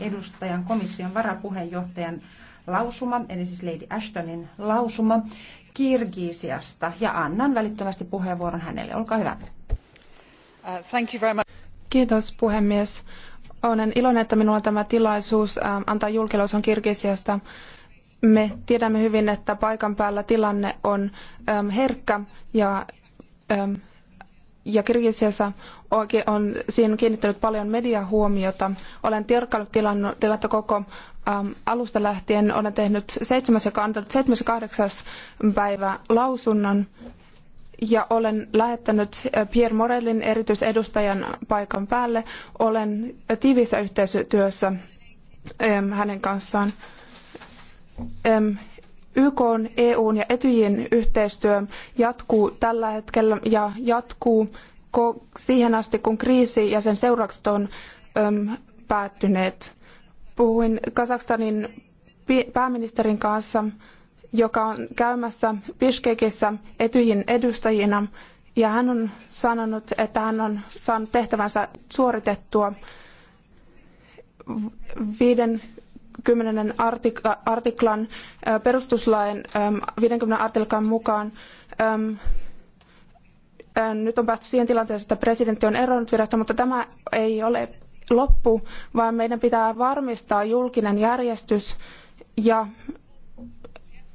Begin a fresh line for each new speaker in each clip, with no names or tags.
edustajan komission varapuheenjohtajan lausuma, eli siis Lady Ashtonin lausuma Kirgisiasta. Ja annan välittömästi puheenvuoron hänelle. Olkaa hyvä.
Uh, thank you very much. Kiitos puhemies. Olen iloinen, että minulla on tämä tilaisuus antaa julkilausun Kirgisiasta. Me tiedämme hyvin, että paikan päällä tilanne on herkkä ja ja Kirgisiassa on siihen kiinnittänyt paljon mediahuomiota. Olen tirkkaillut tilannetta koko ähm, alusta lähtien. Olen tehnyt seitsemäs ja antanut ja päivä lausunnon ja olen lähettänyt äh, Pierre Morellin erityisedustajan paikan päälle. Olen tiiviissä yhteistyössä ähm, hänen kanssaan. Ähm, YK, EUn ja Etyjin yhteistyö jatkuu tällä hetkellä ja jatkuu siihen asti, kun kriisi ja sen seuraukset on päättyneet. Puhuin Kazakstanin pääministerin kanssa, joka on käymässä Bishkekissä Etyjin edustajina, ja hän on sanonut, että hän on saanut tehtävänsä suoritettua viiden 10 artikla, artiklan perustuslain 50 artiklan mukaan nyt on päästy siihen tilanteeseen, että presidentti on eronnut virasta, mutta tämä ei ole loppu, vaan meidän pitää varmistaa julkinen järjestys ja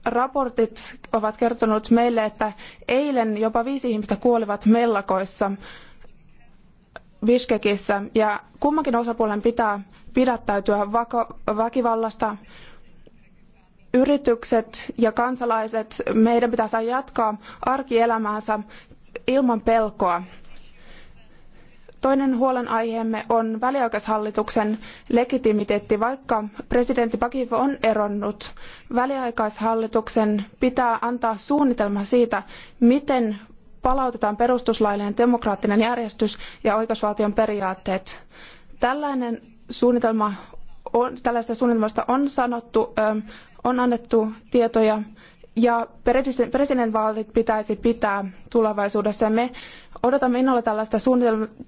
raportit ovat kertoneet meille, että eilen jopa viisi ihmistä kuolivat mellakoissa Viskekissä ja kummankin osapuolen pitää pidättäytyä väkivallasta. Yritykset ja kansalaiset, meidän pitää saada jatkaa arkielämäänsä ilman pelkoa. Toinen huolenaiheemme on väliaikaishallituksen legitimiteetti. Vaikka presidentti Bakiv on eronnut, väliaikaishallituksen pitää antaa suunnitelma siitä, miten palautetaan perustuslaillinen demokraattinen järjestys ja oikeusvaltion periaatteet. Tällainen suunnitelma on, tällaista suunnitelmasta on sanottu, ähm, on annettu tietoja ja presidentinvaalit pitäisi pitää tulevaisuudessa. Me odotamme innolla tällaista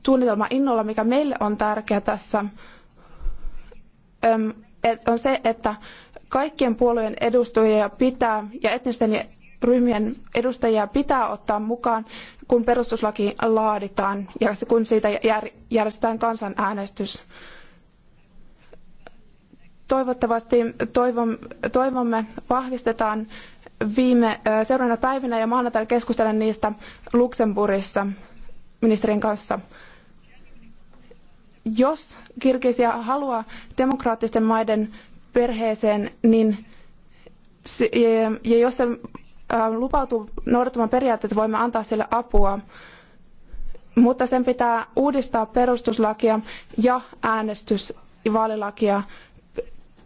suunnitelmaa innolla, mikä meille on tärkeää tässä, ähm, on se, että kaikkien puolueen edustajia pitää ja etnisten ryhmien edustajia pitää ottaa mukaan, kun perustuslaki laaditaan ja kun siitä järjestetään kansanäänestys. Toivottavasti toivomme vahvistetaan viime seuraavana päivinä ja maanantaina keskustelen niistä Luxemburgissa ministerin kanssa. Jos Kirgisia haluaa demokraattisten maiden perheeseen, niin ja jos se Ähm, lupautuu noudattamaan periaatteita, voimme antaa sille apua. Mutta sen pitää uudistaa perustuslakia ja äänestys- ja vaalilakia.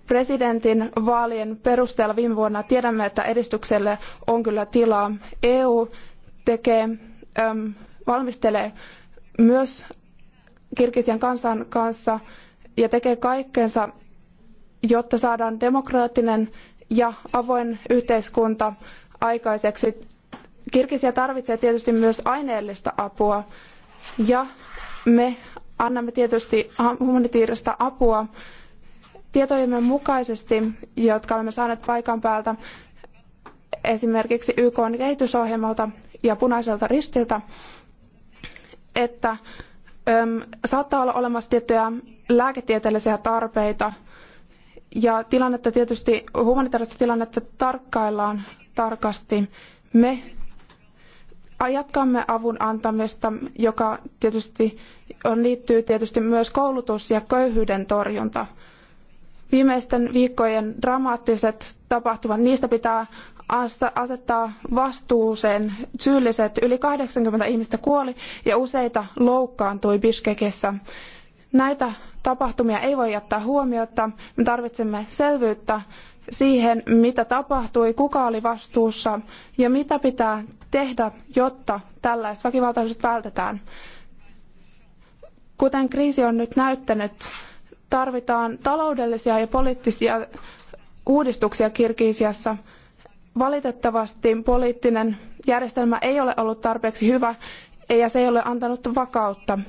Presidentin vaalien perusteella viime vuonna tiedämme, että edistykselle on kyllä tilaa. EU tekee, äm, valmistelee myös Kirgisian kansan kanssa ja tekee kaikkensa, jotta saadaan demokraattinen ja avoin yhteiskunta aikaiseksi. Kirgisia tarvitsee tietysti myös aineellista apua ja me annamme tietysti humanitaarista apua tietojemme mukaisesti, jotka olemme saaneet paikan päältä esimerkiksi YK kehitysohjelmalta ja punaiselta ristiltä, että saattaa olla olemassa tiettyjä lääketieteellisiä tarpeita – ja tilannetta tietysti, humanitaarista tilannetta tarkkaillaan tarkasti. Me jatkamme avun antamista, joka tietysti on, liittyy tietysti myös koulutus- ja köyhyyden torjunta. Viimeisten viikkojen dramaattiset tapahtumat, niistä pitää asettaa vastuuseen syylliset. Yli 80 ihmistä kuoli ja useita loukkaantui Bishkekissä. Näitä tapahtumia ei voi jättää huomiota. Me tarvitsemme selvyyttä siihen, mitä tapahtui, kuka oli vastuussa ja mitä pitää tehdä, jotta tällaiset väkivaltaisuudet vältetään. Kuten kriisi on nyt näyttänyt, tarvitaan taloudellisia ja poliittisia uudistuksia Kirgisiassa. Valitettavasti poliittinen järjestelmä ei ole ollut tarpeeksi hyvä ja se ei ole antanut vakautta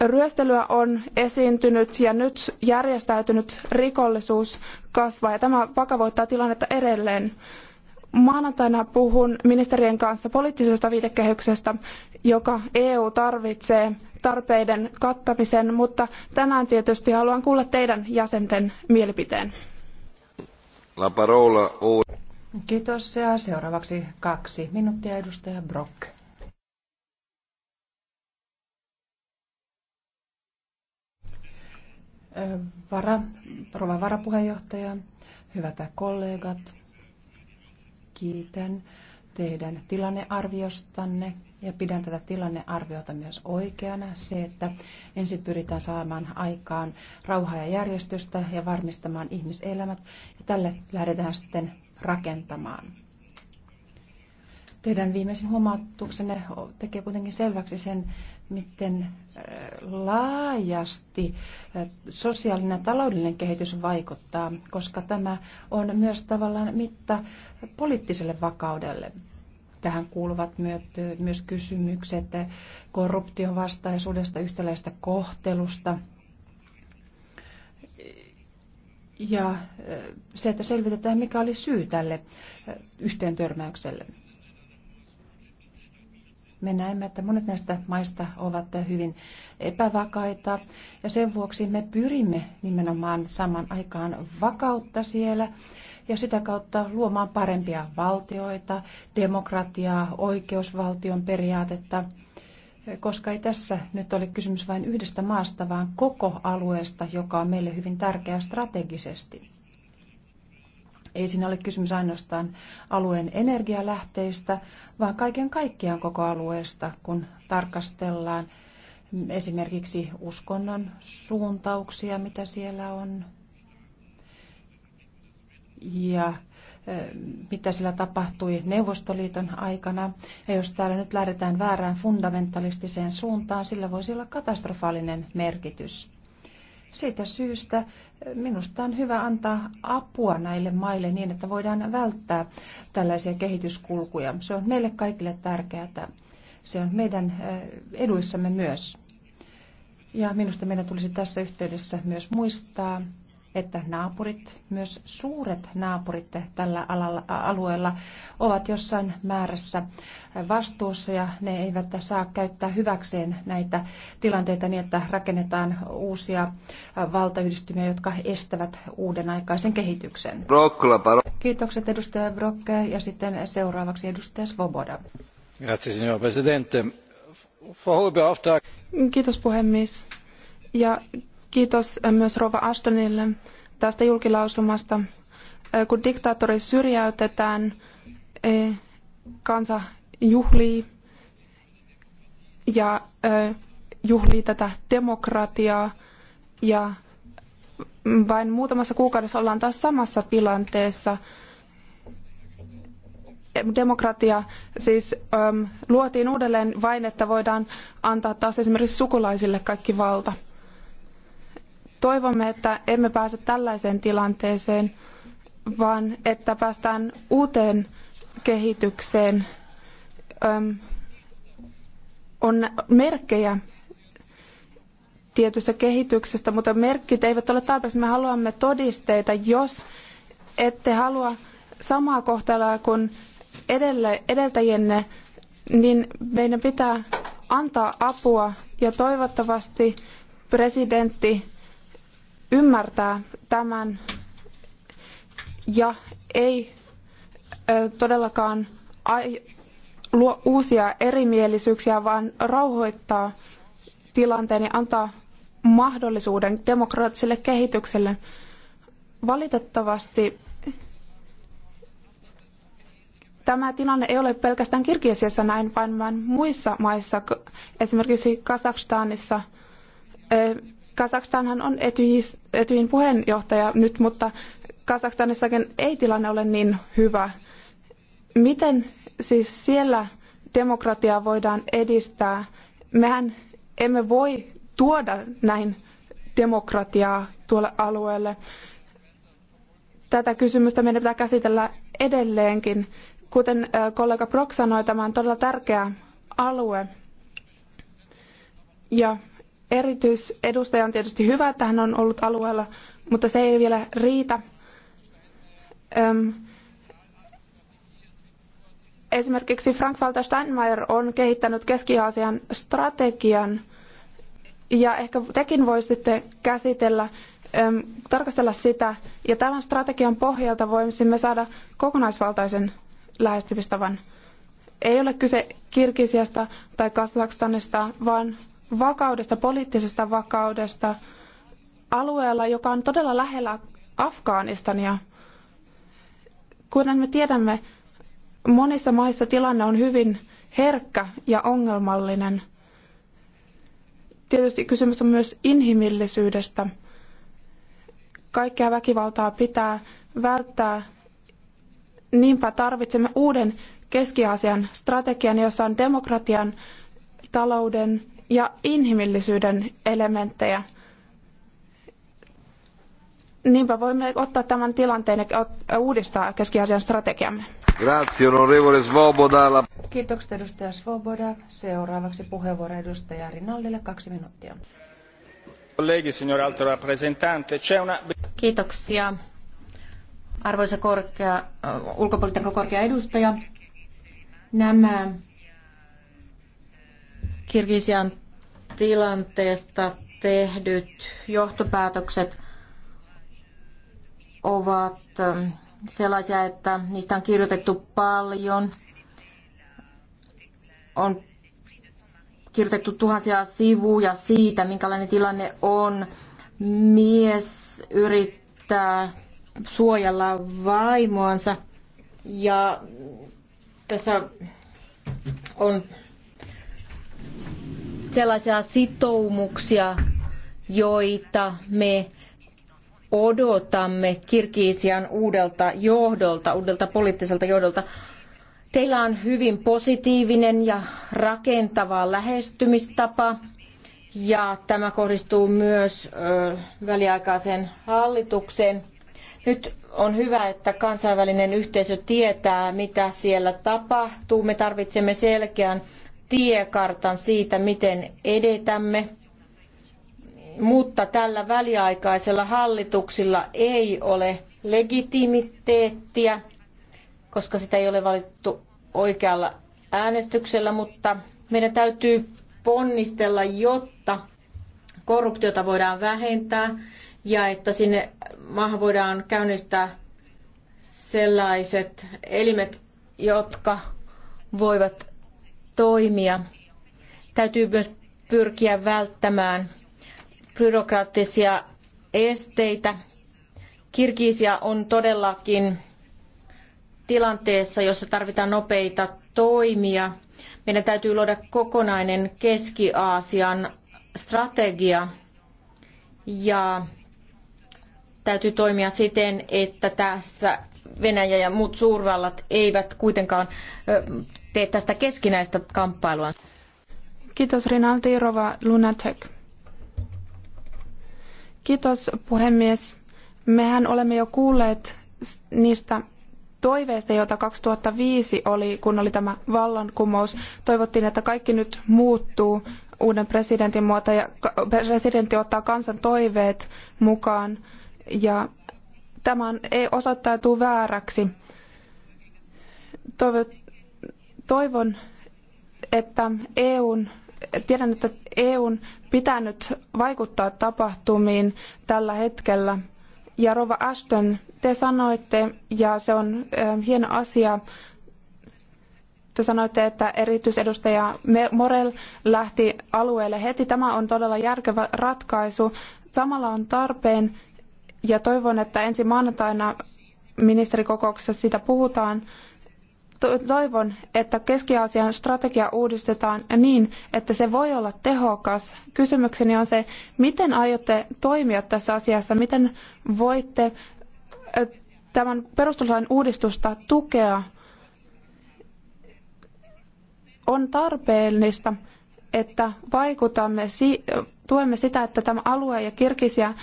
ryöstelyä on esiintynyt ja nyt järjestäytynyt rikollisuus kasvaa ja tämä vakavoittaa tilannetta edelleen. Maanantaina puhun ministerien kanssa poliittisesta viitekehyksestä, joka EU tarvitsee tarpeiden kattamisen, mutta tänään tietysti haluan kuulla teidän jäsenten mielipiteen. La parola
Kiitos ja seuraavaksi kaksi minuuttia edustaja Brock. vara, rova varapuheenjohtaja, hyvät kollegat, kiitän teidän tilannearviostanne ja pidän tätä tilannearviota myös oikeana. Se, että ensin pyritään saamaan aikaan rauhaa ja järjestystä ja varmistamaan ihmiselämät ja tälle lähdetään sitten rakentamaan. Teidän viimeisin huomautuksenne tekee kuitenkin selväksi sen, miten äh, laajasti äh, sosiaalinen ja taloudellinen kehitys vaikuttaa, koska tämä on myös tavallaan mitta poliittiselle vakaudelle. Tähän kuuluvat äh, myös kysymykset korruption vastaisuudesta, yhtäläistä kohtelusta, ja se, että selvitetään, mikä oli syy tälle törmäykselle me näemme, että monet näistä maista ovat hyvin epävakaita ja sen vuoksi me pyrimme nimenomaan saman aikaan vakautta siellä ja sitä kautta luomaan parempia valtioita, demokratiaa, oikeusvaltion periaatetta, koska ei tässä nyt ole kysymys vain yhdestä maasta, vaan koko alueesta, joka on meille hyvin tärkeä strategisesti. Ei siinä ole kysymys ainoastaan alueen energialähteistä, vaan kaiken kaikkiaan koko alueesta, kun tarkastellaan esimerkiksi uskonnon suuntauksia, mitä siellä on, ja mitä sillä tapahtui Neuvostoliiton aikana. Ja jos täällä nyt lähdetään väärään fundamentalistiseen suuntaan, sillä voisi olla katastrofaalinen merkitys. Siitä syystä minusta on hyvä antaa apua näille maille niin, että voidaan välttää tällaisia kehityskulkuja. Se on meille kaikille tärkeää. Se on meidän eduissamme myös. Ja minusta meidän tulisi tässä yhteydessä myös muistaa, että naapurit, myös suuret naapurit tällä alalla, alueella ovat jossain määrässä vastuussa ja ne eivät saa käyttää hyväkseen näitä tilanteita niin, että rakennetaan uusia valtayhdistymiä, jotka estävät uuden aikaisen kehityksen. Kiitokset edustaja Brokke ja sitten seuraavaksi edustaja Svoboda.
Grazie, signor Presidente.
Kiitos puhemies. Ja Kiitos äh, myös Rova Ashtonille tästä julkilausumasta. Äh, kun diktaattori syrjäytetään, äh, kansa juhlii ja juhlii tätä demokratiaa ja vain muutamassa kuukaudessa ollaan taas samassa tilanteessa. Demokratia siis ähm, luotiin uudelleen vain, että voidaan antaa taas esimerkiksi sukulaisille kaikki valta. Toivomme, että emme pääse tällaiseen tilanteeseen, vaan että päästään uuteen kehitykseen. Öm, on merkkejä tietystä kehityksestä, mutta merkit eivät ole tarpeeksi. Me haluamme todisteita, jos ette halua samaa kohtelua kuin edelle, edeltäjienne, niin meidän pitää antaa apua ja toivottavasti presidentti ymmärtää tämän ja ei todellakaan luo uusia erimielisyyksiä, vaan rauhoittaa tilanteen ja antaa mahdollisuuden demokraattiselle kehitykselle. Valitettavasti tämä tilanne ei ole pelkästään Kirgisiassa näin, vaan, vaan muissa maissa, esimerkiksi Kazakstanissa, Kazakstanhan on Etyjin puheenjohtaja nyt, mutta Kazakstanissakin ei tilanne ole niin hyvä. Miten siis siellä demokratiaa voidaan edistää? Mehän emme voi tuoda näin demokratiaa tuolle alueelle. Tätä kysymystä meidän pitää käsitellä edelleenkin. Kuten kollega Brock sanoi, tämä on todella tärkeä alue. Ja erityisedustaja on tietysti hyvä, että hän on ollut alueella, mutta se ei vielä riitä. esimerkiksi Frank-Walter Steinmeier on kehittänyt Keski-Aasian strategian, ja ehkä tekin voisitte käsitellä, tarkastella sitä, ja tämän strategian pohjalta voisimme saada kokonaisvaltaisen lähestymistavan. Ei ole kyse Kirgisiasta tai Kazakstanista, vaan vakaudesta, poliittisesta vakaudesta alueella, joka on todella lähellä Afganistania. Kuten me tiedämme, monissa maissa tilanne on hyvin herkkä ja ongelmallinen. Tietysti kysymys on myös inhimillisyydestä. Kaikkea väkivaltaa pitää välttää. Niinpä tarvitsemme uuden Keski-Aasian strategian, jossa on demokratian, talouden ja inhimillisyyden elementtejä. Niinpä voimme ottaa tämän tilanteen ja uudistaa Keski-Aasian strategiamme.
Grazie, onorevole Svoboda.
Kiitokset edustaja Svoboda. Seuraavaksi
puheenvuoro edustaja Rinaldille kaksi minuuttia.
Kiitoksia. Arvoisa korkea, ulkopolitiikan korkea edustaja, nämä Kirgisian tilanteesta tehdyt johtopäätökset ovat ähm, sellaisia, että niistä on kirjoitettu paljon. On kirjoitettu tuhansia sivuja siitä, minkälainen tilanne on. Mies yrittää suojella vaimoansa ja tässä on sellaisia sitoumuksia, joita me odotamme Kirgisian uudelta johdolta, uudelta poliittiselta johdolta. Teillä on hyvin positiivinen ja rakentava lähestymistapa ja tämä kohdistuu myös ö, väliaikaiseen hallitukseen. Nyt on hyvä, että kansainvälinen yhteisö tietää, mitä siellä tapahtuu. Me tarvitsemme selkeän tiekartan siitä, miten edetämme, mutta tällä väliaikaisella hallituksilla ei ole legitimiteettiä, koska sitä ei ole valittu oikealla äänestyksellä, mutta meidän täytyy ponnistella, jotta korruptiota voidaan vähentää ja että sinne maahan voidaan käynnistää sellaiset elimet, jotka voivat toimia. Täytyy myös pyrkiä välttämään byrokraattisia esteitä. Kirgisia on todellakin tilanteessa, jossa tarvitaan nopeita toimia. Meidän täytyy luoda kokonainen Keski-Aasian strategia ja täytyy toimia siten, että tässä Venäjä ja muut suurvallat eivät kuitenkaan tee tästä keskinäistä kamppailua. Kiitos Rinaldi Rova Lunatek. Kiitos
puhemies. Mehän olemme jo kuulleet niistä toiveista, joita 2005 oli, kun oli tämä vallankumous. Toivottiin, että kaikki nyt muuttuu uuden presidentin muoto ja presidentti ottaa kansan toiveet mukaan ja tämä ei osoittautuu vääräksi. Toivottavasti Toivon, että EUn tiedän, että EUn pitää nyt vaikuttaa tapahtumiin tällä hetkellä. Ja Rova Ashton, te sanoitte, ja se on eh, hieno asia, te sanoitte, että erityisedustaja Morel lähti alueelle heti. Tämä on todella järkevä ratkaisu. Samalla on tarpeen, ja toivon, että ensi maanantaina ministerikokouksessa siitä puhutaan, Toivon, että Keski-Aasian strategia uudistetaan niin, että se voi olla tehokas. Kysymykseni on se, miten aiotte toimia tässä asiassa, miten voitte tämän perustuslain uudistusta tukea. On tarpeellista, että vaikutamme, tuemme sitä, että tämä alue ja kirkisiä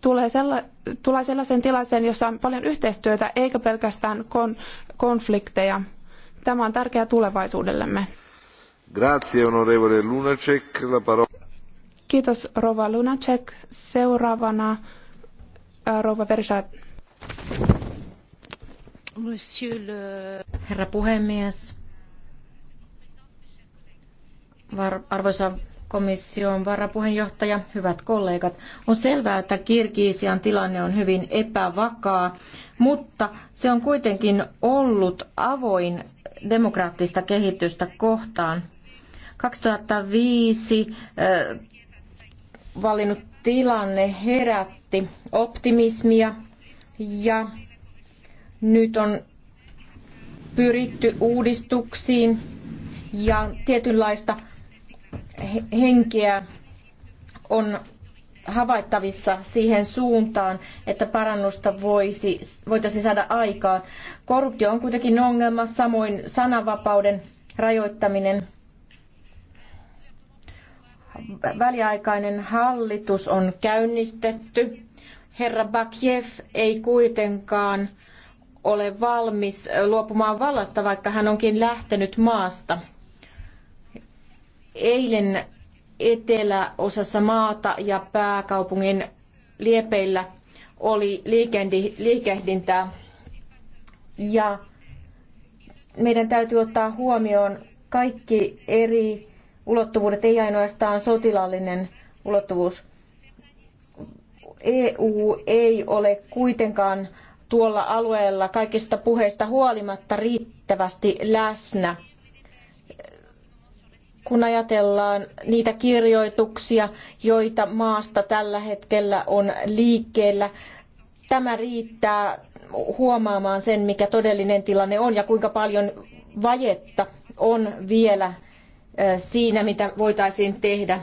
tulee, sella, tulee sellaiseen tilanteeseen, jossa on paljon yhteistyötä, eikä pelkästään kon, konflikteja. Tämä on tärkeää tulevaisuudellemme.
Grazie, onorevole Lunacek. La parola...
Kiitos, rouva Lunacek. Seuraavana äh, rouva Versat.
Monsieur le... Herra puhemies, arvoisa komission varapuheenjohtaja, hyvät kollegat. On selvää, että Kirgisian tilanne on hyvin epävakaa, mutta se on kuitenkin ollut avoin demokraattista kehitystä kohtaan. 2005 valinnut tilanne herätti optimismia ja nyt on pyritty uudistuksiin ja tietynlaista henkeä on havaittavissa siihen suuntaan, että parannusta voisi, voitaisiin saada aikaan. Korruptio on kuitenkin ongelma, samoin sananvapauden rajoittaminen. Väliaikainen hallitus on käynnistetty. Herra Bakiev ei kuitenkaan ole valmis luopumaan vallasta, vaikka hän onkin lähtenyt maasta. Eilen eteläosassa maata ja pääkaupungin liepeillä oli liikehdintää. Ja meidän täytyy ottaa huomioon kaikki eri ulottuvuudet, ei ainoastaan sotilaallinen ulottuvuus. EU ei ole kuitenkaan tuolla alueella kaikista puheista huolimatta riittävästi läsnä kun ajatellaan niitä kirjoituksia, joita maasta tällä hetkellä on liikkeellä, tämä riittää huomaamaan sen, mikä todellinen tilanne on ja kuinka paljon vajetta on vielä siinä, mitä voitaisiin tehdä.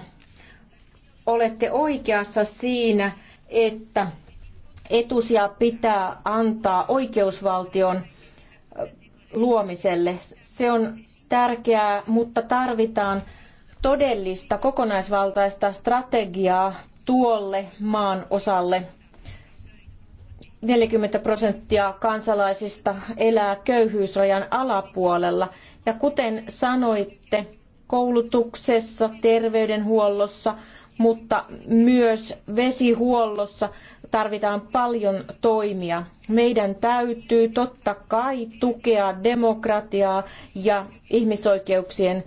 Olette oikeassa siinä, että etusija pitää antaa oikeusvaltion luomiselle. Se on tärkeää, mutta tarvitaan todellista kokonaisvaltaista strategiaa tuolle maan osalle. 40 prosenttia kansalaisista elää köyhyysrajan alapuolella. Ja kuten sanoitte, koulutuksessa, terveydenhuollossa, mutta myös vesihuollossa tarvitaan paljon toimia. Meidän täytyy totta kai tukea demokratiaa ja ihmisoikeuksien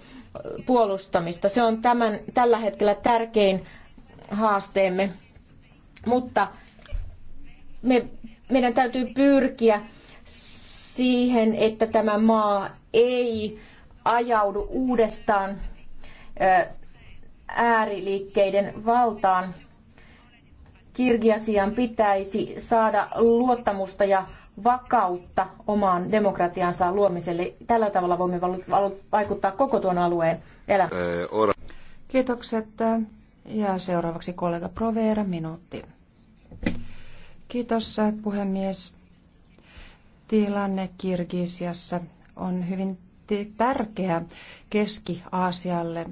puolustamista. Se on tämän, tällä hetkellä tärkein haasteemme. Mutta me, meidän täytyy pyrkiä siihen, että tämä maa ei ajaudu uudestaan ääriliikkeiden valtaan Kirgiasian pitäisi saada luottamusta ja vakautta omaan demokratiansa luomiselle. Tällä tavalla voimme vaikuttaa koko tuon alueen elämään. Eh, Kiitokset. Ja seuraavaksi kollega Proveera minuutti.
Kiitos puhemies. Tilanne Kirgisiassa on hyvin tärkeä Keski-Aasialle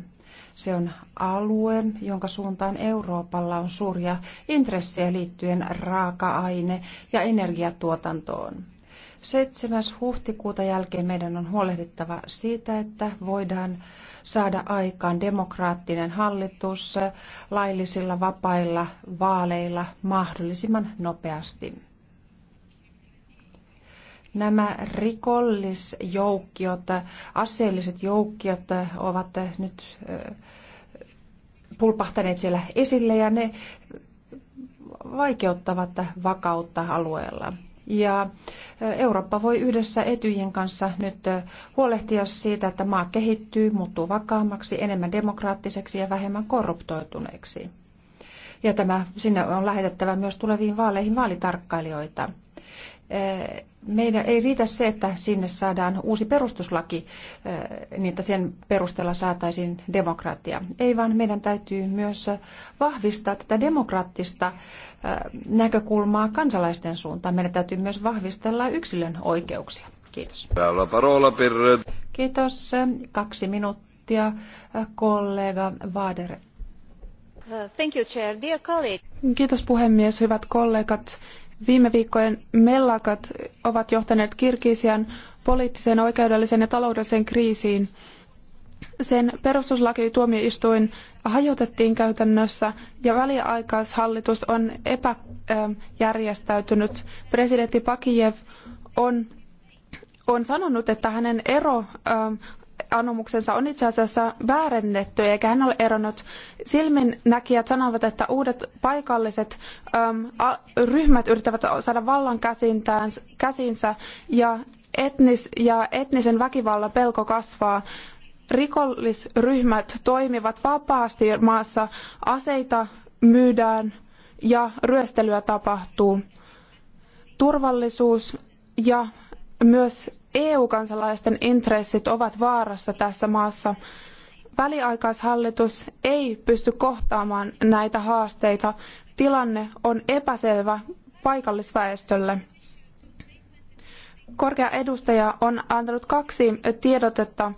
se on alue, jonka suuntaan Euroopalla on suuria intressejä liittyen raaka-aine- ja energiatuotantoon. 7. huhtikuuta jälkeen meidän on huolehdittava siitä, että voidaan saada aikaan demokraattinen hallitus laillisilla vapailla vaaleilla mahdollisimman nopeasti nämä rikollisjoukkiot, aseelliset joukkiot ovat nyt pulpahtaneet siellä esille ja ne vaikeuttavat vakautta alueella. Ja Eurooppa voi yhdessä etyjen kanssa nyt huolehtia siitä, että maa kehittyy, muuttuu vakaammaksi, enemmän demokraattiseksi ja vähemmän korruptoituneeksi. Ja tämä, sinne on lähetettävä myös tuleviin vaaleihin vaalitarkkailijoita. Eh, meidän ei riitä se, että sinne saadaan uusi perustuslaki, eh, niin että sen perusteella saataisiin demokratia. Ei vaan meidän täytyy myös vahvistaa tätä demokraattista eh, näkökulmaa kansalaisten suuntaan. Meidän täytyy myös vahvistella yksilön oikeuksia. Kiitos. Kiitos. Kaksi minuuttia,
kollega Vaader. Uh, thank you, chair. Dear colleague. Kiitos puhemies, hyvät kollegat. Viime viikkojen mellakat ovat johtaneet Kirgisian poliittiseen, oikeudelliseen ja taloudelliseen kriisiin. Sen perustuslakituomioistuin hajotettiin käytännössä ja väliaikaishallitus on epäjärjestäytynyt. Presidentti Pakijev on, on sanonut, että hänen ero anomuksensa on itse asiassa väärennetty, eikä hän ole eronnut. Silminnäkijät sanovat, että uudet paikalliset ähm, ryhmät yrittävät saada vallan käsintään, käsinsä ja, etnis, ja etnisen väkivallan pelko kasvaa. Rikollisryhmät toimivat vapaasti maassa, aseita myydään ja ryöstelyä tapahtuu. Turvallisuus ja myös EU-kansalaisten intressit ovat vaarassa tässä maassa. Väliaikaishallitus ei pysty kohtaamaan näitä haasteita. Tilanne on epäselvä paikallisväestölle. Korkea edustaja on antanut kaksi tiedotetta,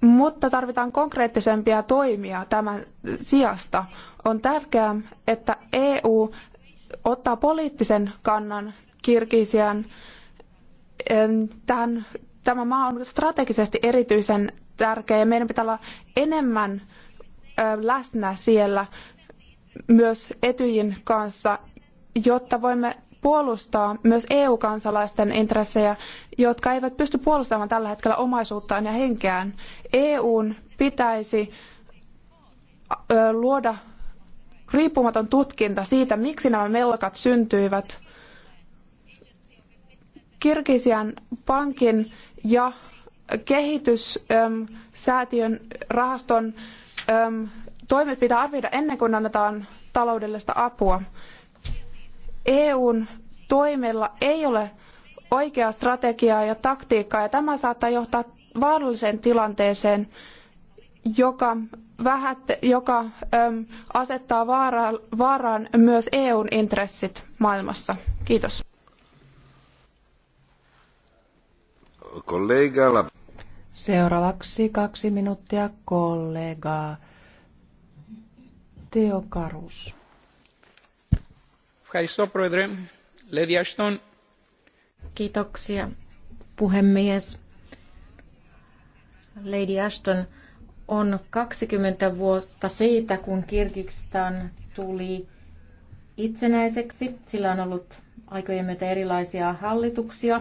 mutta tarvitaan konkreettisempia toimia tämän sijasta. On tärkeää, että EU ottaa poliittisen kannan Kirgisian tämä maa on strategisesti erityisen tärkeä ja meidän pitää olla enemmän läsnä siellä myös Etyjin kanssa, jotta voimme puolustaa myös EU-kansalaisten intressejä, jotka eivät pysty puolustamaan tällä hetkellä omaisuuttaan ja henkeään. EUn pitäisi luoda riippumaton tutkinta siitä, miksi nämä melkat syntyivät Kirgisian pankin ja kehityssäätiön ähm, rahaston ähm, toimet pitää arvioida ennen kuin annetaan taloudellista apua. EUn toimilla ei ole oikeaa strategiaa ja taktiikkaa ja tämä saattaa johtaa vaaralliseen tilanteeseen, joka, vähät, joka ähm, asettaa vaaraan myös EUn intressit maailmassa. Kiitos.
Kollega.
Seuraavaksi kaksi minuuttia kollega
Teo Karus. Kiitoksia puhemies. Lady Ashton on 20 vuotta siitä, kun Kirgistan tuli itsenäiseksi. Sillä on ollut aikojen myötä erilaisia hallituksia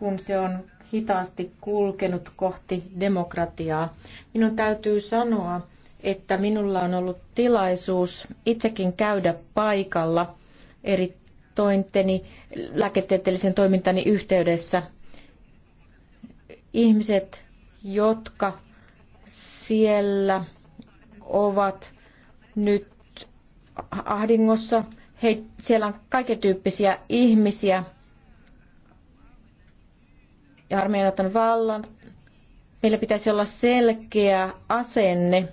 kun se on hitaasti kulkenut kohti demokratiaa. Minun täytyy sanoa, että minulla on ollut tilaisuus itsekin käydä paikalla eri tointeni, lääketieteellisen toimintani yhteydessä. Ihmiset, jotka siellä ovat nyt ahdingossa, he, siellä on kaiken tyyppisiä ihmisiä, ja armeijan ottanut vallan. Meillä pitäisi olla selkeä asenne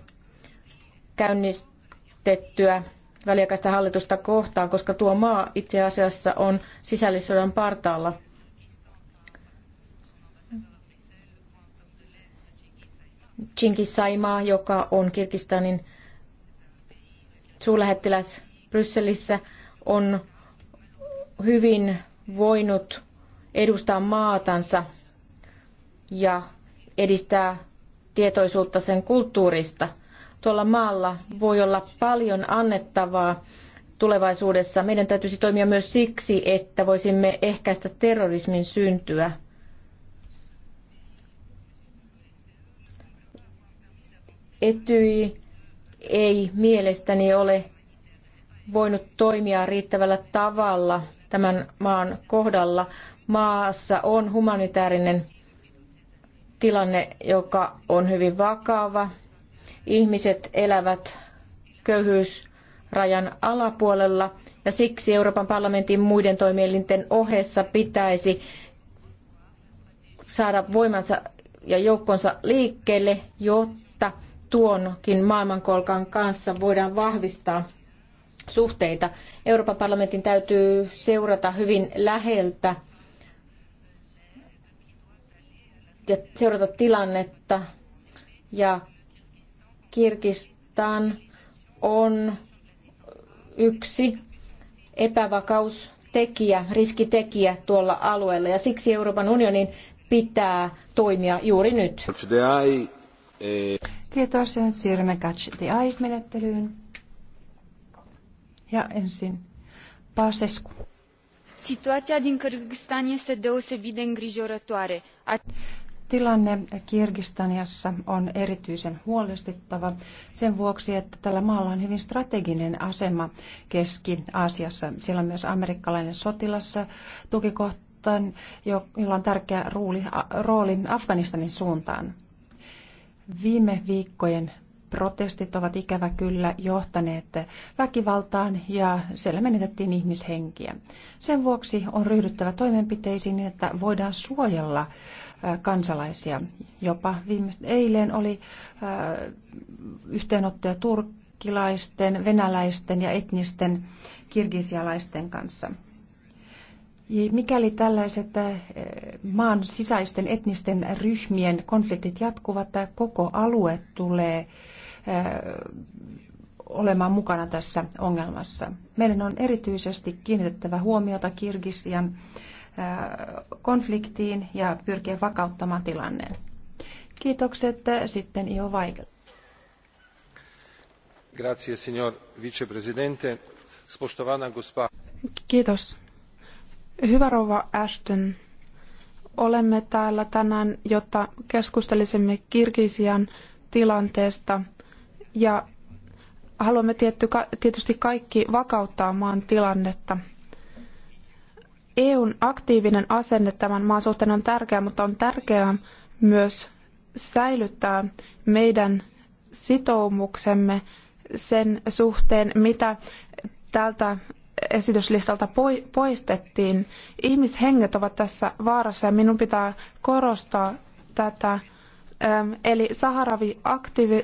käynnistettyä väliaikaista hallitusta kohtaan, koska tuo maa itse asiassa on sisällissodan partaalla. Chinkisaimaa, joka on Kirkistanin suurlähettiläs Brysselissä, on hyvin voinut edustaa maatansa – ja edistää tietoisuutta sen kulttuurista. Tuolla maalla voi olla paljon annettavaa tulevaisuudessa. Meidän täytyisi toimia myös siksi, että voisimme ehkäistä terrorismin syntyä. Etyi ei mielestäni ole voinut toimia riittävällä tavalla tämän maan kohdalla. Maassa on humanitaarinen tilanne, joka on hyvin vakava. Ihmiset elävät köyhyysrajan alapuolella ja siksi Euroopan parlamentin muiden toimielinten ohessa pitäisi saada voimansa ja joukkonsa liikkeelle, jotta tuonkin maailmankolkan kanssa voidaan vahvistaa suhteita. Euroopan parlamentin täytyy seurata hyvin läheltä ja seurata tilannetta. Ja Kirkistan on yksi epävakaustekijä, riskitekijä tuolla alueella ja siksi Euroopan unionin pitää toimia juuri nyt. Eh. Kiitos ja nyt siirrymme Catch the Eye-menettelyyn. Ja
ensin Pasescu.
Situația din Kyrgyzstan este deosebit de îngrijorătoare.
Tilanne Kirgistaniassa on erityisen huolestuttava sen vuoksi, että tällä maalla on hyvin strateginen asema Keski-Aasiassa. Siellä on myös amerikkalainen sotilassa tukikohta, jolla on tärkeä rooli, rooli Afganistanin suuntaan. Viime viikkojen protestit ovat ikävä kyllä johtaneet väkivaltaan ja siellä menetettiin ihmishenkiä. Sen vuoksi on ryhdyttävä toimenpiteisiin, että voidaan suojella kansalaisia. Jopa viimeist, eilen oli yhteenottoja turkkilaisten, venäläisten ja etnisten kirgisialaisten kanssa. Mikäli tällaiset maan sisäisten etnisten ryhmien konfliktit jatkuvat, tämä koko alue tulee olemaan mukana tässä ongelmassa. Meidän on erityisesti kiinnitettävä huomiota Kirgisian Äh, konfliktiin ja pyrkiä vakauttamaan tilanneen. Kiitokset äh, sitten Ivo Weigel.
Grazie, signor vicepresidente. Spoštovana gospa.
Kiitos. Hyvä rouva Ashton, olemme täällä tänään, jotta keskustelisimme Kirgisian tilanteesta ja haluamme tietysti kaikki vakauttaa maan tilannetta. EUn aktiivinen asenne tämän maan suhteen on tärkeä, mutta on tärkeää myös säilyttää meidän sitoumuksemme sen suhteen, mitä tältä esityslistalta poistettiin. Ihmishenget ovat tässä vaarassa ja minun pitää korostaa tätä. Eli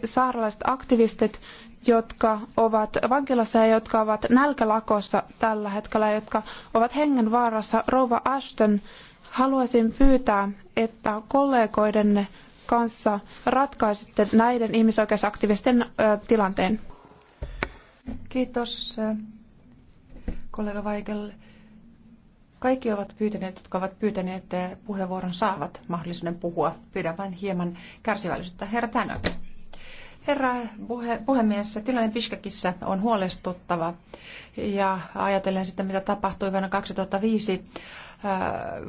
saharalaiset aktivistit jotka ovat vankilassa ja jotka ovat nälkälakossa tällä hetkellä, jotka ovat hengenvaarassa. Rouva Ashton, haluaisin pyytää, että kollegoidenne kanssa ratkaisitte näiden ihmisoikeusaktivistien tilanteen. Kiitos
kollega Weigel. Kaikki ovat pyytäneet, jotka ovat pyytäneet puheenvuoron, saavat mahdollisuuden puhua. Pyydän vain hieman kärsivällisyyttä. Herra Tänök. Herra puhe, puhemies, tilanne Piskakissa on huolestuttava ja ajatellen sitä, mitä tapahtui vuonna 2005 äh,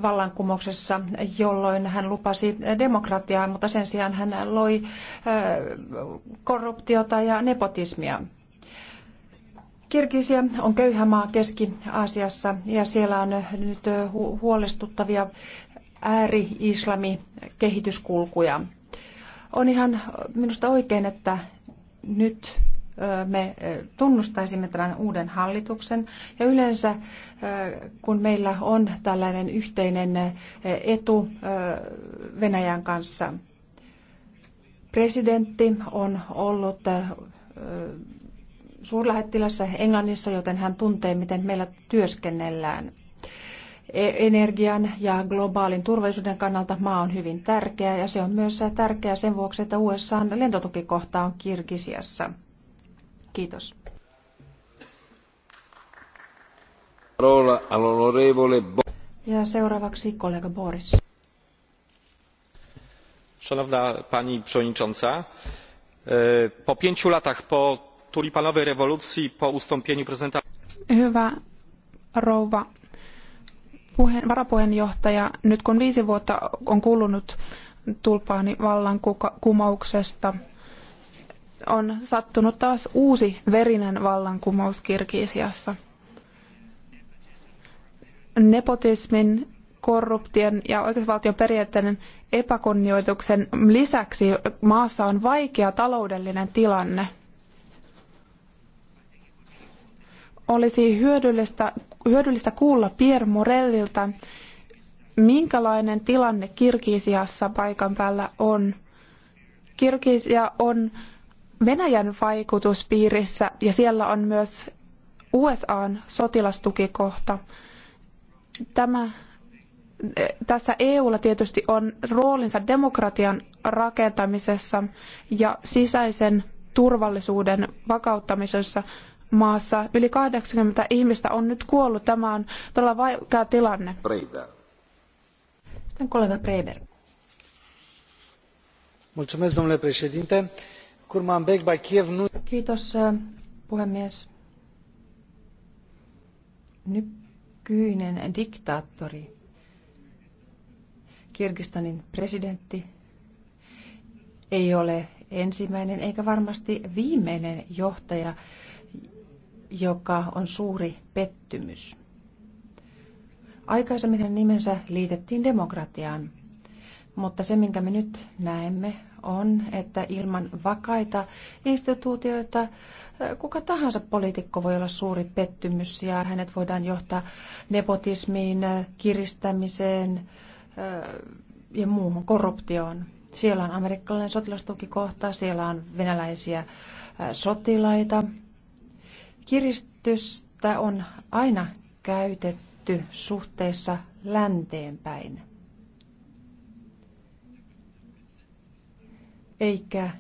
vallankumouksessa, jolloin hän lupasi demokratiaa, mutta sen sijaan hän loi äh, korruptiota ja nepotismia. Kirgisia on köyhä maa Keski-Aasiassa ja siellä on nyt huolestuttavia ääri-islami kehityskulkuja. On ihan minusta oikein, että nyt me tunnustaisimme tämän uuden hallituksen. Ja yleensä kun meillä on tällainen yhteinen etu Venäjän kanssa, presidentti on ollut suurlähettilässä Englannissa, joten hän tuntee, miten meillä työskennellään – energian ja globaalin turvallisuuden kannalta maa on hyvin tärkeä ja se on myös tärkeä sen vuoksi, että USA lentotukikohta on Kirgisiassa. Kiitos. Ja seuraavaksi kollega Boris.
Szanowna pani przewodnicząca,
e, po pięciu latach po tulipanowej rewolucji, po ustąpieniu prezydenta... Hyvä rouva Puheen, varapuheenjohtaja, nyt kun viisi vuotta on kulunut tulpaani vallankumouksesta, on sattunut taas uusi verinen vallankumous Kirgisiassa. Nepotismin, korruption ja oikeusvaltioperiaatteiden epäkunnioituksen lisäksi maassa on vaikea taloudellinen tilanne. olisi hyödyllistä, hyödyllistä kuulla Pierre Morellilta, minkälainen tilanne Kirgisiassa paikan päällä on. Kirgisia on Venäjän vaikutuspiirissä ja siellä on myös USAn sotilastukikohta. Tämä, eh, tässä EUlla tietysti on roolinsa demokratian rakentamisessa ja sisäisen turvallisuuden vakauttamisessa, maassa. Yli 80 ihmistä on nyt kuollut. Tämä on todella vaikea tilanne. Breida. Sitten kollega Breiber.
Kurmanbek Kiitos, äh, puhemies. Nykyinen diktaattori, Kirgistanin presidentti, ei ole ensimmäinen eikä varmasti viimeinen johtaja, joka on suuri pettymys. Aikaisemmin hänen nimensä liitettiin demokratiaan, mutta se, minkä me nyt näemme, on, että ilman vakaita instituutioita eh, kuka tahansa poliitikko voi olla suuri pettymys ja hänet voidaan johtaa nepotismiin, eh, kiristämiseen eh, ja muuhun korruptioon. Siellä on amerikkalainen sotilastukikohta, siellä on venäläisiä sotilaita, Kiristystä on aina käytetty suhteessa länteen päin. Eikä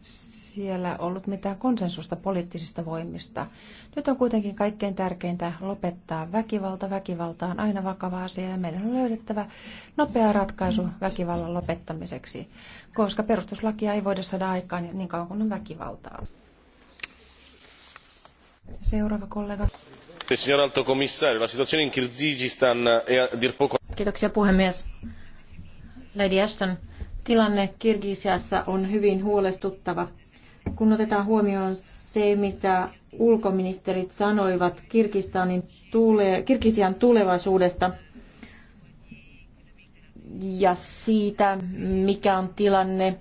siellä ollut mitään konsensusta poliittisista voimista. Nyt on kuitenkin kaikkein tärkeintä lopettaa väkivalta. Väkivalta on aina vakava asia ja meidän on löydettävä nopea ratkaisu väkivallan lopettamiseksi, koska perustuslakia ei voida saada aikaan niin kauan kuin on väkivaltaa. Seuraava kollega. Eh, signor Alto Commissario, la situazione in Kirgizistan è a dir poco...
Kiitoksia puhemies. Lady Ashton, tilanne Kirgisiassa on hyvin huolestuttava. Kun otetaan huomioon se, mitä ulkoministerit sanoivat Kirgistanin tule, Kirgisian tulevaisuudesta ja siitä, mikä on tilanne eh,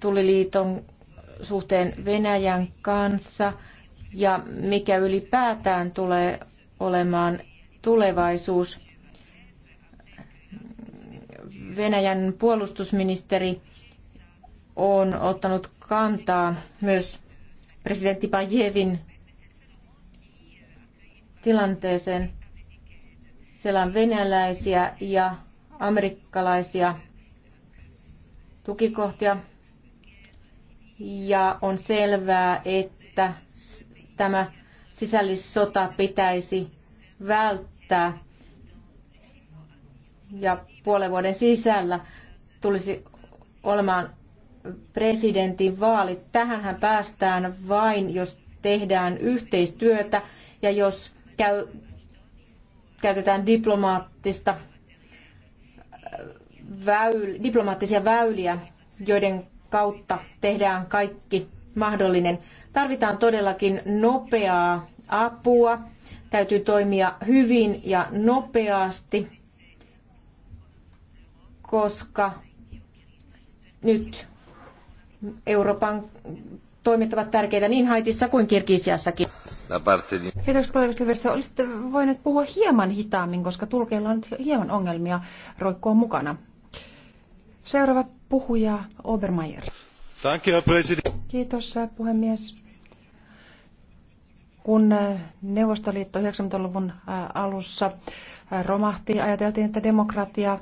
tuliliiton suhteen Venäjän kanssa – ja mikä ylipäätään tulee olemaan tulevaisuus. Venäjän puolustusministeri on ottanut kantaa myös presidentti Pajevin tilanteeseen. Siellä on venäläisiä ja amerikkalaisia tukikohtia. Ja on selvää, että tämä sisällissota pitäisi välttää. Ja puolen vuoden sisällä tulisi olemaan presidentin vaalit. Tähänhän päästään vain, jos tehdään yhteistyötä ja jos käy, käytetään diplomaattista äh, väyl, diplomaattisia väyliä, joiden kautta tehdään kaikki mahdollinen. Tarvitaan todellakin nopeaa apua, täytyy toimia hyvin ja nopeasti, koska nyt Euroopan toimet ovat tärkeitä niin Haitissa kuin Kirgisiassakin. Kiitoksia
kollega Olisitte voineet puhua hieman hitaammin, koska tulkeilla on hieman ongelmia roikkua mukana. Seuraava puhuja Obermeier. Kiitos äh, puhemies. Kun äh, Neuvostoliitto 90-luvun äh, alussa äh, romahti, ajateltiin, että demokratia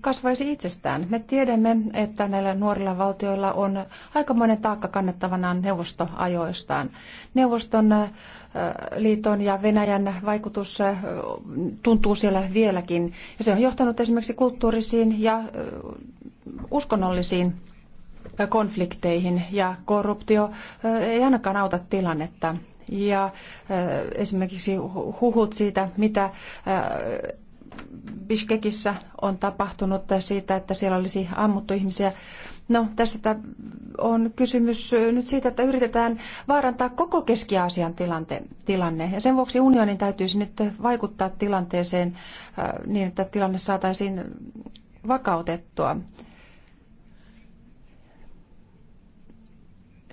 kasvaisi itsestään. Me tiedämme, että näillä nuorilla valtioilla on aikamoinen taakka kannettavanaan neuvostoajoistaan. Neuvoston liiton ja Venäjän vaikutus tuntuu siellä vieläkin. Ja se on johtanut esimerkiksi kulttuurisiin ja uskonnollisiin konflikteihin ja korruptio ei ainakaan auta tilannetta ja äh, esimerkiksi huhut siitä, mitä äh, Bishkekissä on tapahtunut siitä, että siellä olisi ammuttu ihmisiä. No, tässä on kysymys äh, nyt siitä, että yritetään vaarantaa koko Keski-Aasian tilanne. Ja sen vuoksi unionin täytyisi nyt vaikuttaa tilanteeseen niin, että tilanne saataisiin vakautettua.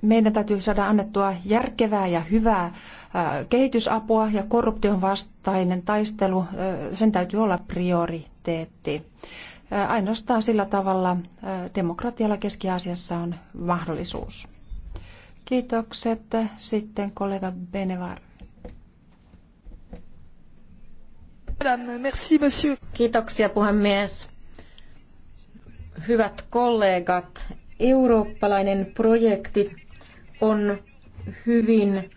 meidän täytyy saada annettua järkevää ja hyvää kehitysapua ja korruption vastainen taistelu, sen täytyy olla prioriteetti. Ainoastaan sillä tavalla demokratialla Keski-Aasiassa on mahdollisuus. Kiitokset. Sitten kollega Benevar.
Kiitoksia puhemies. Hyvät kollegat, eurooppalainen projekti on hyvin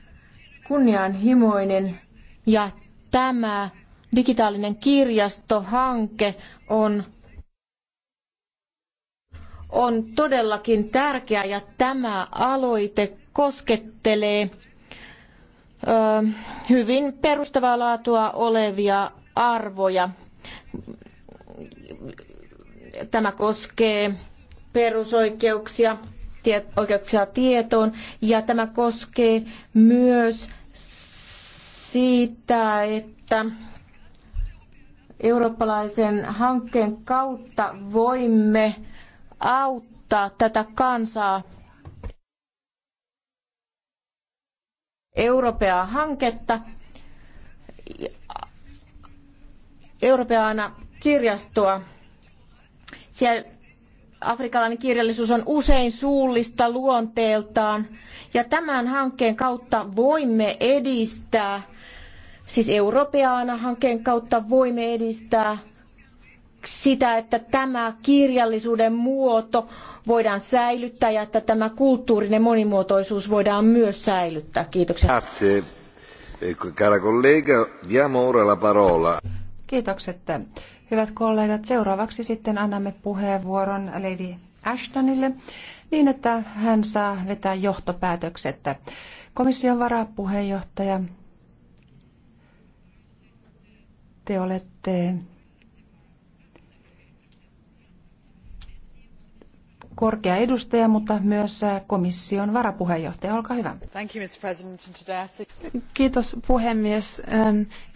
kunnianhimoinen ja tämä digitaalinen kirjastohanke on on todellakin tärkeä ja tämä aloite koskettelee ö, hyvin perustavaa laatua olevia arvoja. Tämä koskee perusoikeuksia, oikeuksia tietoon ja tämä koskee myös siitä, että eurooppalaisen hankkeen kautta voimme auttaa tätä kansaa Europea hanketta Europeana kirjastoa. Siellä afrikkalainen kirjallisuus on usein suullista luonteeltaan. Ja tämän hankkeen kautta voimme edistää, siis Europeana hankkeen kautta voimme edistää sitä, että tämä kirjallisuuden muoto voidaan säilyttää ja että tämä kulttuurinen monimuotoisuus voidaan myös säilyttää. Kiitoksia. Grazie. Cara collega, diamo ora la parola.
Kiitokset. Hyvät kollegat, seuraavaksi sitten annamme puheenvuoron Levi Ashtonille niin, että hän saa vetää johtopäätökset. Komission varapuheenjohtaja, te olette korkea edustaja, mutta myös komission
varapuheenjohtaja. Olkaa hyvä. Kiitos puhemies.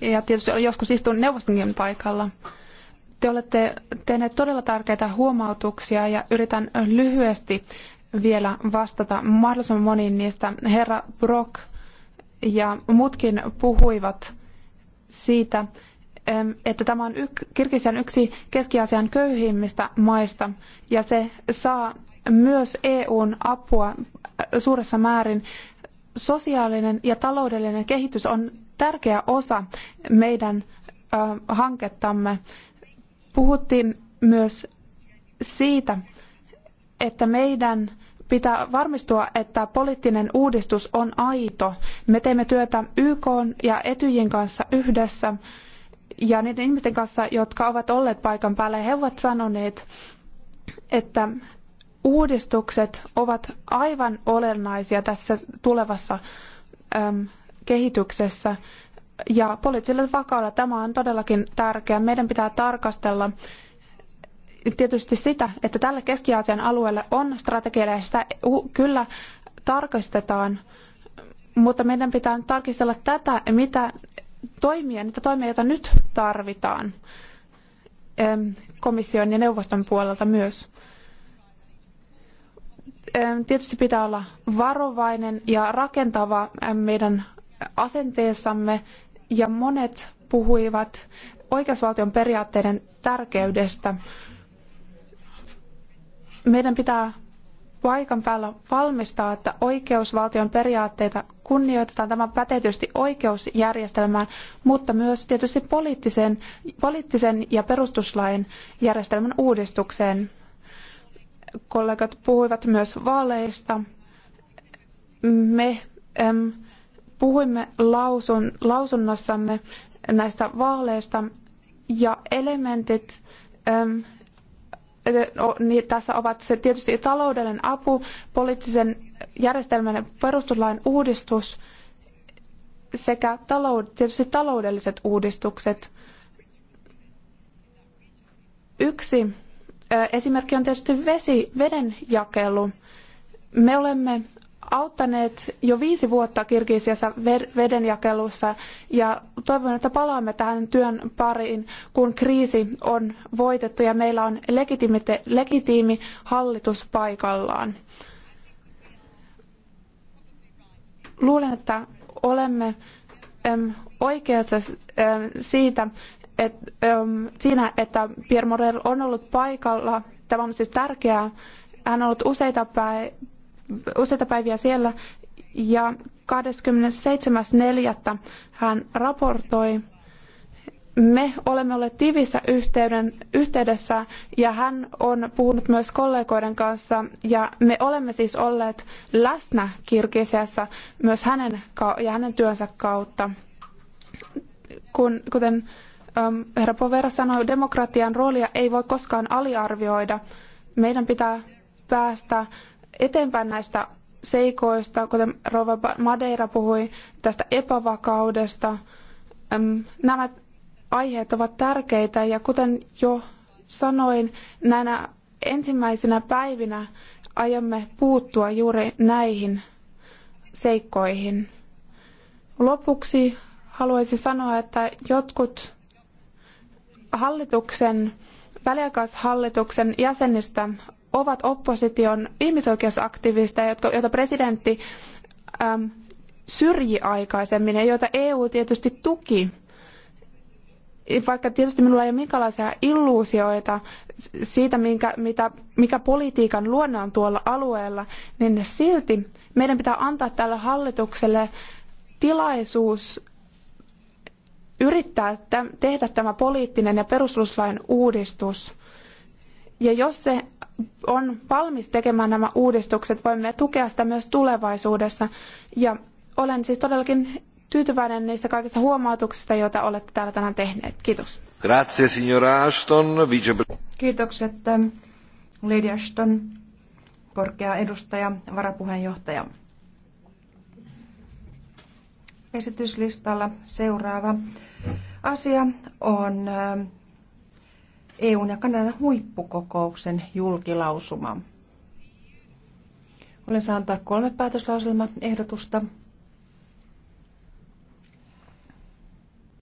Ja tietysti joskus istun neuvostonkin paikalla. Te olette tehneet todella tärkeitä huomautuksia ja yritän lyhyesti vielä vastata mahdollisimman moniin niistä. Herra Brock ja muutkin puhuivat siitä, että tämä on yk, Kirgisian yksi Keski-Aasian köyhimmistä maista ja se saa myös EUn apua äh, suuressa määrin. Sosiaalinen ja taloudellinen kehitys on tärkeä osa meidän ö, hankettamme. Puhuttiin myös siitä, että meidän pitää varmistua, että poliittinen uudistus on aito. Me teemme työtä YK ja Etyjin kanssa yhdessä ja niiden ihmisten kanssa, jotka ovat olleet paikan päällä. He ovat sanoneet, että uudistukset ovat aivan olennaisia tässä tulevassa äm, kehityksessä ja poliittiselle vakaudelle. Tämä on todellakin tärkeää. Meidän pitää tarkastella tietysti sitä, että tälle Keski-Aasian alueelle on strategialle ja sitä kyllä tarkastetaan, mutta meidän pitää tarkistella tätä, mitä toimia, niitä toimia, joita nyt tarvitaan komission ja neuvoston puolelta myös. Tietysti pitää olla varovainen ja rakentava meidän asenteessamme ja monet puhuivat oikeusvaltion periaatteiden tärkeydestä. Meidän pitää paikan päällä valmistaa, että oikeusvaltion periaatteita kunnioitetaan. Tämä pätee tietysti oikeusjärjestelmään, mutta myös tietysti poliittisen, poliittisen ja perustuslain järjestelmän uudistukseen. Kollegat puhuivat myös vaaleista. Me äm, puhuimme lausun, lausunnassamme näistä vaaleista ja elementit äm, niin tässä ovat se tietysti taloudellinen apu, poliittisen järjestelmän ja perustuslain uudistus sekä talou, tietysti taloudelliset uudistukset. Yksi esimerkki on tietysti vesi, veden jakelu. Me olemme auttaneet jo viisi vuotta Kirgisiassa vedenjakelussa ja toivon, että palaamme tähän työn pariin, kun kriisi on voitettu ja meillä on legitiimi hallitus paikallaan. Luulen, että olemme oikeassa siitä, et, siinä, että Pierre Morel on ollut paikalla. Tämä on siis tärkeää. Hän on ollut useita useita päiviä siellä ja 27.4. hän raportoi me olemme olleet tiiviissä yhteyden, yhteydessä ja hän on puhunut myös kollegoiden kanssa ja me olemme siis olleet läsnä Kirgisiassa myös hänen ja hänen työnsä kautta. Kun, kuten um, herra Povera sanoi, demokratian roolia ei voi koskaan aliarvioida. Meidän pitää päästä eteenpäin näistä seikoista, kuten Rova Madeira puhui tästä epävakaudesta. Nämä aiheet ovat tärkeitä ja kuten jo sanoin, näinä ensimmäisinä päivinä aiomme puuttua juuri näihin seikkoihin. Lopuksi haluaisin sanoa, että jotkut hallituksen, väliaikaishallituksen jäsenistä ovat opposition ihmisoikeusaktivisteja, jotka, joita presidentti äm, syrji aikaisemmin ja joita EU tietysti tuki. Vaikka tietysti minulla ei ole minkälaisia illuusioita siitä, minkä, mitä, mikä politiikan luonne on tuolla alueella, niin silti meidän pitää antaa tälle hallitukselle tilaisuus yrittää tehdä tämä poliittinen ja perustuslain uudistus. Ja jos se on valmis tekemään nämä uudistukset, voimme tukea sitä myös tulevaisuudessa. Ja olen siis todellakin tyytyväinen niistä kaikista huomautuksista, joita olette täällä tänään tehneet. Kiitos.
Grazie, signora Ashton. Vice...
Kiitokset,
ähm, Lady Ashton, korkea edustaja, varapuheenjohtaja. Esityslistalla seuraava asia on ähm, EUn ja Kanadan huippukokouksen julkilausuma. Olen saanut kolme
päätöslauselmaehdotusta